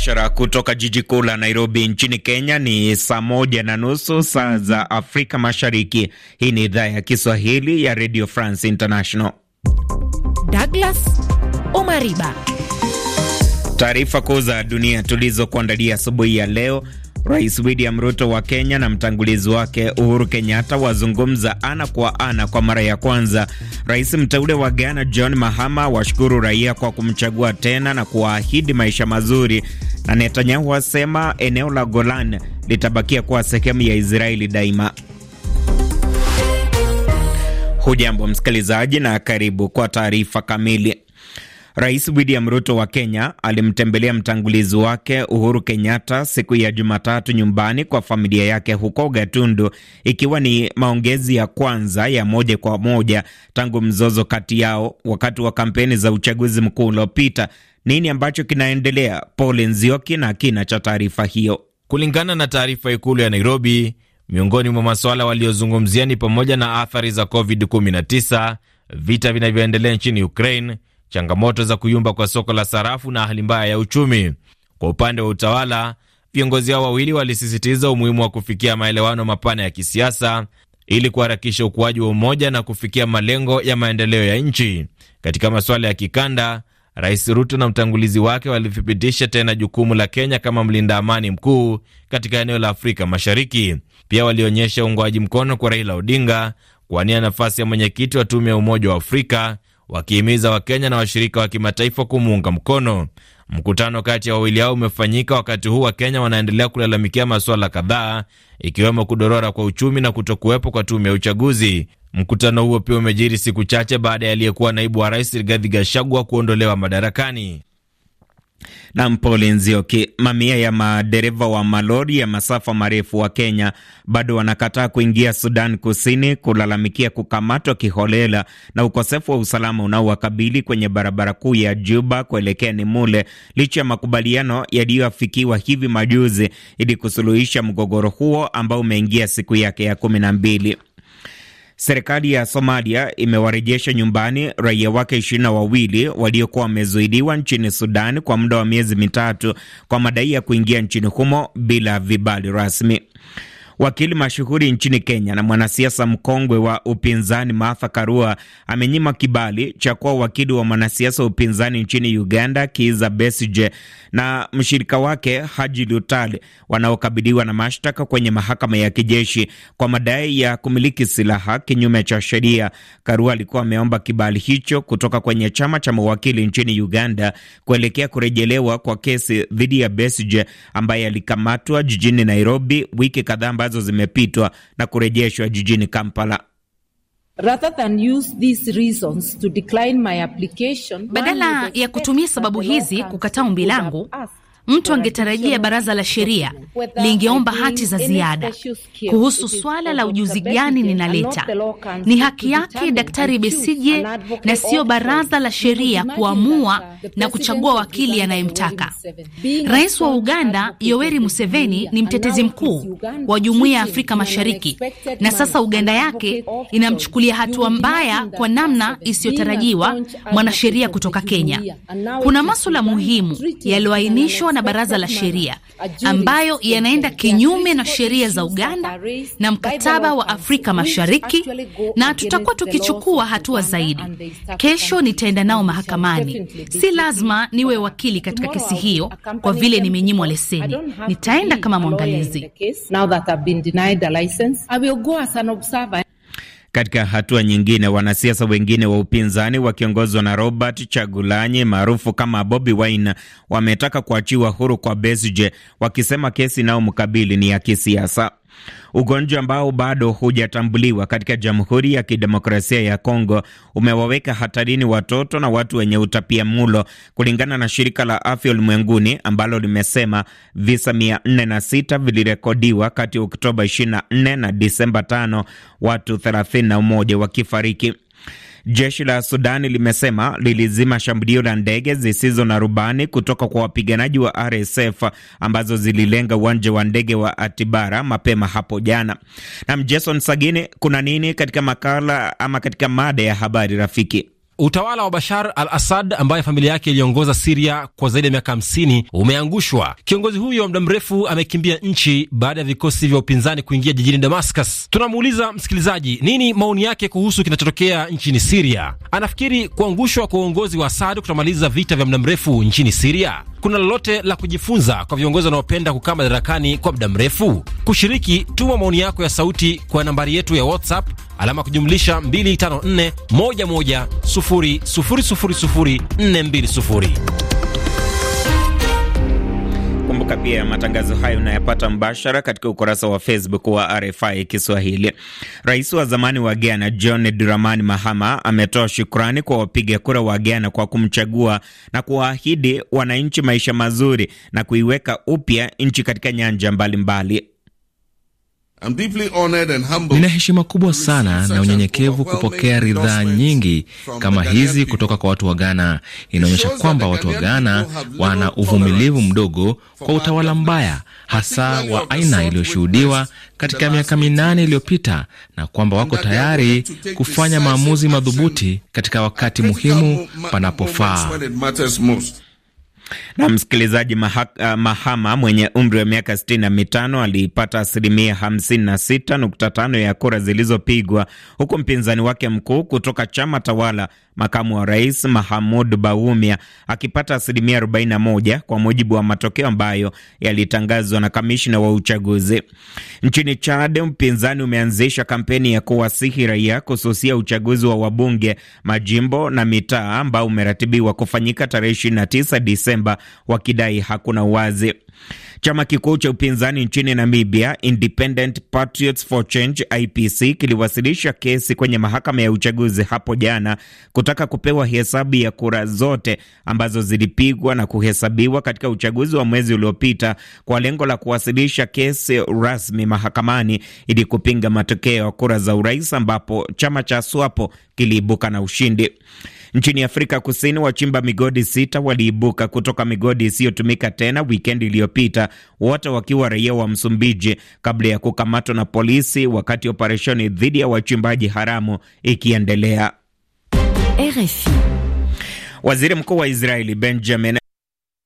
mubashara kutoka jiji kuu la Nairobi nchini Kenya. Ni saa moja na nusu saa za Afrika Mashariki. Hii ni idhaa ya Kiswahili ya Radio France International. Douglas Omariba, taarifa kuu za dunia tulizokuandalia asubuhi ya leo. Rais William Ruto wa Kenya na mtangulizi wake Uhuru Kenyatta wazungumza ana kwa ana kwa mara ya kwanza. Rais mteule wa Ghana John Mahama washukuru raia kwa kumchagua tena na kuwaahidi maisha mazuri, na Netanyahu asema eneo la Golan litabakia kuwa sehemu ya Israeli daima. Hujambo msikilizaji, na karibu kwa taarifa kamili. Rais William Ruto wa Kenya alimtembelea mtangulizi wake Uhuru Kenyatta siku ya Jumatatu nyumbani kwa familia yake huko Gatundu, ikiwa ni maongezi ya kwanza ya moja kwa moja tangu mzozo kati yao wakati wa kampeni za uchaguzi mkuu uliopita. Nini ambacho kinaendelea? Paul Nzioki na kina cha taarifa hiyo. Kulingana na taarifa Ikulu ya Nairobi, miongoni mwa masuala waliozungumzia ni pamoja na athari za COVID-19, vita vinavyoendelea nchini Ukraine changamoto za kuyumba kwa soko la sarafu na hali mbaya ya uchumi. Kwa upande wa utawala, viongozi hao wawili walisisitiza umuhimu wa kufikia maelewano mapana ya kisiasa ili kuharakisha ukuaji wa umoja na kufikia malengo ya maendeleo ya nchi. Katika masuala ya kikanda, Rais Ruto na mtangulizi wake walithibitisha tena jukumu la Kenya kama mlinda amani mkuu katika eneo la Afrika Mashariki. Pia walionyesha uungwaji mkono kwa Raila Odinga kuwania nafasi ya mwenyekiti wa tume ya Umoja wa Afrika wakihimiza Wakenya na washirika wa kimataifa kumuunga mkono. Mkutano kati ya wawili hao umefanyika wakati huu Wakenya wanaendelea kulalamikia masuala kadhaa ikiwemo kudorora kwa uchumi na kutokuwepo kwa tume ya uchaguzi. Mkutano huo pia umejiri siku chache baada ya aliyekuwa naibu wa rais Rigathi Gachagua kuondolewa madarakani. Na mpole Nzioki, mamia ya madereva wa malori ya masafa marefu wa Kenya bado wanakataa kuingia Sudan Kusini kulalamikia kukamatwa kiholela na ukosefu wa usalama unaowakabili kwenye barabara kuu ya Juba kuelekea Nimule, licha ya makubaliano yaliyoafikiwa hivi majuzi ili kusuluhisha mgogoro huo ambao umeingia siku yake ya kumi na mbili. Serikali ya Somalia imewarejesha nyumbani raia wake ishirini na wawili waliokuwa wamezuiliwa nchini Sudan kwa muda wa miezi mitatu kwa madai ya kuingia nchini humo bila vibali rasmi. Wakili mashuhuri nchini Kenya na mwanasiasa mkongwe wa upinzani Martha Karua amenyima kibali cha kuwa wakili wa mwanasiasa wa upinzani nchini Uganda Kiza Besije na mshirika wake Haji Lutal wanaokabiliwa na mashtaka kwenye mahakama ya kijeshi kwa madai ya kumiliki silaha kinyume cha sheria. Karua alikuwa ameomba kibali hicho kutoka kwenye chama cha mawakili nchini Uganda kuelekea kurejelewa kwa kesi dhidi ya Besije ambaye alikamatwa jijini Nairobi wiki kadhaa ambazo zimepitwa na kurejeshwa jijini Kampala. Badala ya kutumia sababu hizi kukataa ombi langu, Mtu angetarajia baraza la sheria lingeomba hati za ziada kuhusu swala la ujuzi gani ninaleta. Ni haki yake Daktari Besije na siyo baraza la sheria kuamua na kuchagua wakili anayemtaka. Rais wa Uganda Yoweri Museveni ni mtetezi mkuu wa Jumuiya ya Afrika Mashariki, na sasa Uganda yake inamchukulia hatua mbaya kwa namna isiyotarajiwa mwanasheria kutoka Kenya. Kuna masuala muhimu yaliyoainishwa na baraza la sheria ambayo yanaenda kinyume na sheria za Uganda na mkataba wa Afrika Mashariki, na tutakuwa tukichukua hatua zaidi. Kesho nitaenda nao mahakamani. Si lazima niwe wakili katika kesi hiyo, kwa vile nimenyimwa leseni. Nitaenda kama mwangalizi. Katika hatua nyingine, wanasiasa wengine wa upinzani wakiongozwa na Robert Chagulanyi maarufu kama Bobi Wine wametaka kuachiwa huru kwa Besigye, wakisema kesi inayomkabili ni ya kisiasa. Ugonjwa ambao bado hujatambuliwa katika Jamhuri ya Kidemokrasia ya Kongo umewaweka hatarini watoto na watu wenye utapia mulo, kulingana na shirika la afya ulimwenguni ambalo limesema visa 406 vilirekodiwa kati ya Oktoba 24 na Disemba 5, watu 31 wakifariki. Jeshi la Sudani limesema lilizima shambulio la ndege zisizo na rubani kutoka kwa wapiganaji wa RSF ambazo zililenga uwanja wa ndege wa Atibara mapema hapo jana. Nam Jason Sagini, kuna nini katika makala ama katika mada ya habari rafiki? Utawala wa Bashar al Assad ambaye familia yake iliongoza Siria kwa zaidi ya miaka 50 umeangushwa. Kiongozi huyo wa muda mrefu amekimbia nchi baada ya vikosi vya upinzani kuingia jijini Damascus. Tunamuuliza msikilizaji, nini maoni yake kuhusu kinachotokea nchini Siria? Anafikiri kuangushwa kwa uongozi wa Assad kutamaliza vita vya muda mrefu nchini Siria? kuna lolote la kujifunza kwa viongozi wanaopenda kukaa madarakani kwa muda mrefu? Kushiriki, tuma maoni yako ya sauti kwa nambari yetu ya WhatsApp alama kujumlisha 254 110 000 420. Kumbuka pia matangazo hayo unayapata mbashara katika ukurasa wa Facebook wa RFI Kiswahili. Rais wa zamani wa Ghana John Dramani Mahama ametoa shukrani kwa wapiga kura wa Ghana kwa kumchagua na kuwaahidi wananchi maisha mazuri na kuiweka upya nchi katika nyanja mbalimbali mbali. Nina heshima kubwa sana na unyenyekevu kupokea ridhaa nyingi kama hizi kutoka kwa watu wa Ghana. Inaonyesha kwamba watu wa Ghana wana uvumilivu mdogo kwa utawala mbaya, hasa wa aina iliyoshuhudiwa katika miaka minane iliyopita, na kwamba wako tayari kufanya maamuzi madhubuti katika wakati muhimu panapofaa. Na msikilizaji, uh, Mahama mwenye umri wa miaka sitini na mitano aliipata asilimia hamsini na sita nukta tano ya kura zilizopigwa huku mpinzani wake mkuu kutoka chama tawala makamu wa rais Mahamud Baumia akipata asilimia 41 kwa mujibu wa matokeo ambayo yalitangazwa na kamishna wa uchaguzi. Nchini Chad, upinzani umeanzisha kampeni ya kuwasihi raia kususia uchaguzi wa wabunge, majimbo na mitaa ambao umeratibiwa kufanyika tarehe 29 Disemba, wakidai hakuna uwazi. Chama kikuu cha upinzani nchini Namibia, Independent Patriots for Change IPC, kiliwasilisha kesi kwenye mahakama ya uchaguzi hapo jana kutaka kupewa hesabu ya kura zote ambazo zilipigwa na kuhesabiwa katika uchaguzi wa mwezi uliopita kwa lengo la kuwasilisha kesi rasmi mahakamani ili kupinga matokeo ya kura za urais ambapo chama cha SWAPO kiliibuka na ushindi. Nchini Afrika Kusini, wachimba migodi sita waliibuka kutoka migodi isiyotumika tena wikendi iliyopita, wote wakiwa raia wa Msumbiji kabla ya kukamatwa na polisi wakati operesheni dhidi ya wachimbaji haramu ikiendelea. RFI. Waziri Mkuu wa Israeli Benjamin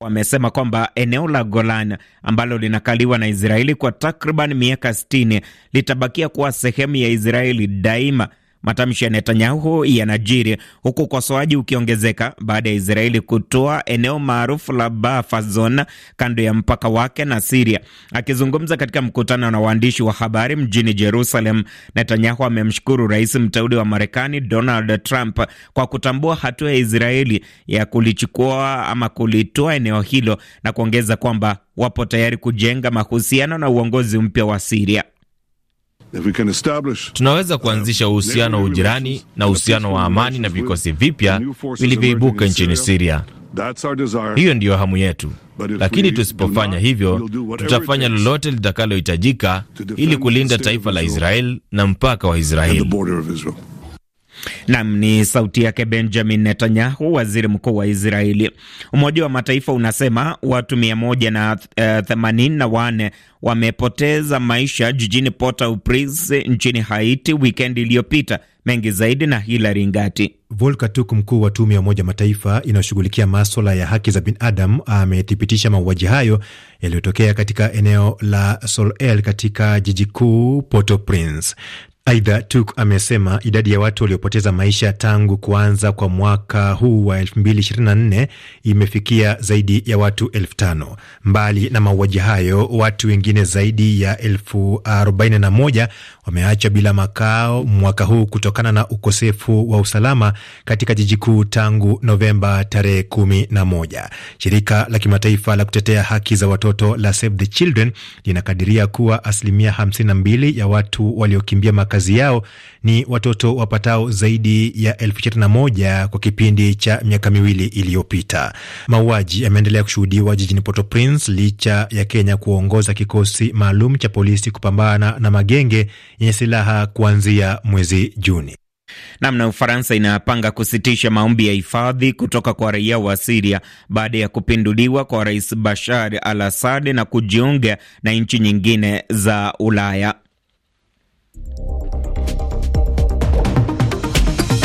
wamesema kwamba eneo la Golan ambalo linakaliwa na Israeli kwa takriban miaka 60 litabakia kuwa sehemu ya Israeli daima Matamshi ya Netanyahu yanajiri huku ukosoaji ukiongezeka baada ya Israeli kutoa eneo maarufu la buffer zone kando ya mpaka wake na Siria. Akizungumza katika mkutano na waandishi wa habari mjini Jerusalem, Netanyahu amemshukuru rais mteule wa Marekani Donald Trump kwa kutambua hatua ya Israeli ya kulichukua ama kulitoa eneo hilo na kuongeza kwamba wapo tayari kujenga mahusiano na uongozi mpya wa Siria. Tunaweza kuanzisha uhusiano wa ujirani na uhusiano wa amani na vikosi vipya vilivyoibuka nchini Siria. Hiyo ndiyo hamu yetu, lakini tusipofanya hivyo, tutafanya lolote litakalohitajika ili kulinda taifa la Israel na mpaka wa Israeli. Nam ni sauti yake Benjamin Netanyahu, waziri mkuu wa Israeli. Umoja wa Mataifa unasema watu mia moja na eh, themanini na wane wamepoteza maisha jijini Port au Prince nchini Haiti wikendi iliyopita. Mengi zaidi na Hilary Ngati. Volker Turk, mkuu wa tume ya Umoja Mataifa inayoshughulikia maswala ya haki za binadamu, amethibitisha mauaji hayo yaliyotokea katika eneo la Soleil katika jiji kuu Port au Prince. Aidha, Tuk amesema idadi ya watu waliopoteza maisha tangu kuanza kwa mwaka huu wa 2024 imefikia zaidi ya watu elfu tano. Mbali na mauaji hayo, watu wengine zaidi ya elfu arobaini na moja wameachwa bila makao mwaka huu kutokana na ukosefu wa usalama katika jiji kuu tangu Novemba tarehe 11. Shirika la kimataifa la kutetea haki za watoto la Save the Children linakadiria kuwa asilimia 52 ya watu waliokimbia makazi yao ni watoto wapatao zaidi ya elfu ishirini na moja kwa kipindi cha miaka miwili iliyopita. Mauaji yameendelea kushuhudiwa jijini Port-au-Prince licha ya Kenya kuongoza kikosi maalum cha polisi kupambana na magenge yenye silaha kuanzia mwezi Juni. Namna Ufaransa inapanga kusitisha maombi ya hifadhi kutoka kwa raia wa Siria baada ya kupinduliwa kwa Rais Bashar al Assad na kujiunga na nchi nyingine za Ulaya.